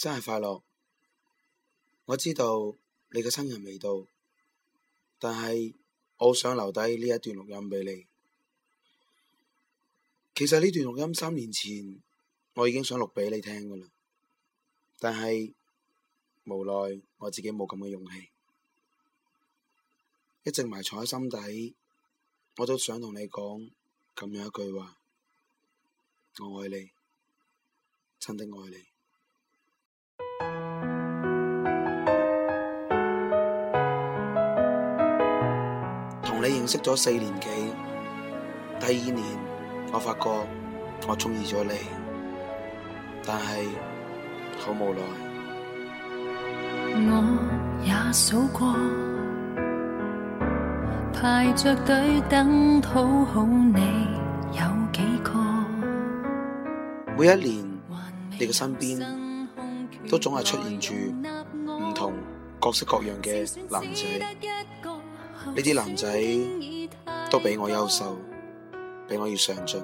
生日快樂，我知道你嘅生日未到，但係我好想留低呢一段錄音畀你。其實呢段錄音三年前我已經想錄畀你聽噶啦，但係無奈我自己冇咁嘅勇氣，一直埋藏喺心底。我都想同你講咁樣一句話：我愛你，真的愛你。同你認識咗四年幾，第二年我發覺我中意咗你，但係好無奈。我也數過，排着隊等討好你有幾個。每一年你嘅身邊都總係出現住唔同各式各樣嘅男仔。呢啲男仔都比我優秀，比我要上進。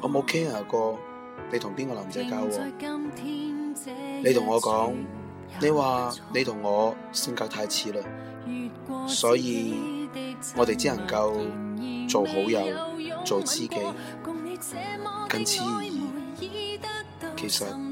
我冇 care 過你同邊個男仔交往。你同我講，你話你同我性格太似啦，所以我哋只能夠做好友，做知己，僅此而已。其實。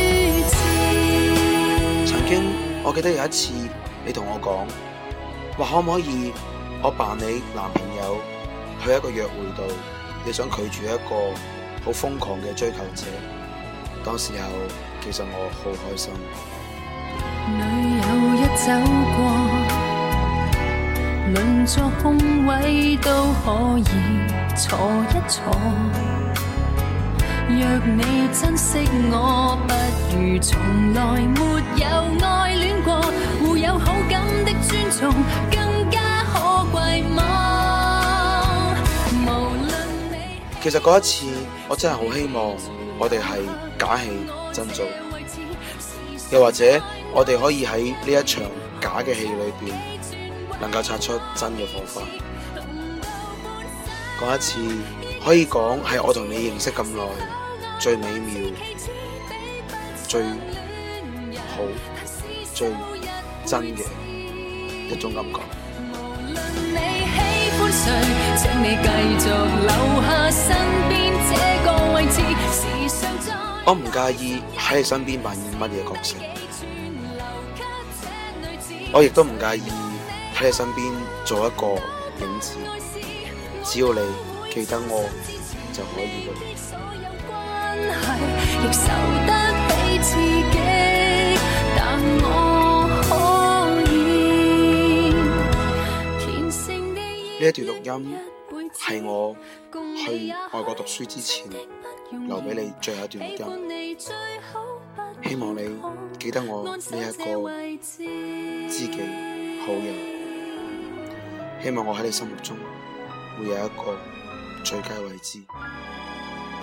我記得有一次你跟，你同我講，話可唔可以我扮你男朋友去一個約會度，你想拒絕一個好瘋狂嘅追求者。當時候其實我好開心。女友一走過，輪坐空位都可以坐一坐。若你珍惜我，不如從來沒有愛戀過，有好感的尊重更加可貴。其實嗰一次，我真係好希望我哋係假戲真做，又或者我哋可以喺呢一場假嘅戲裏邊，能夠擦出真嘅火花。嗰一次可以講係我同你認識咁耐，最美妙、最好、最真嘅一種感覺。我唔介意喺你身邊扮演乜嘢角色，嗯、我亦都唔介意喺你身邊做一個影子，只要你記得我就可以啦。呢一段錄音係我去外國讀書之前留俾你最後一段錄音，希望你記得我呢一個知己好友，希望我喺你心目中會有一個最佳位置，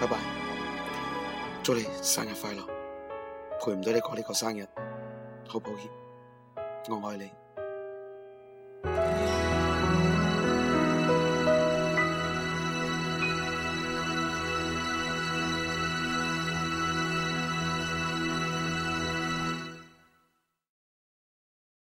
拜拜。祝你生日快樂，陪唔到你過呢個生日，好抱歉，我愛你。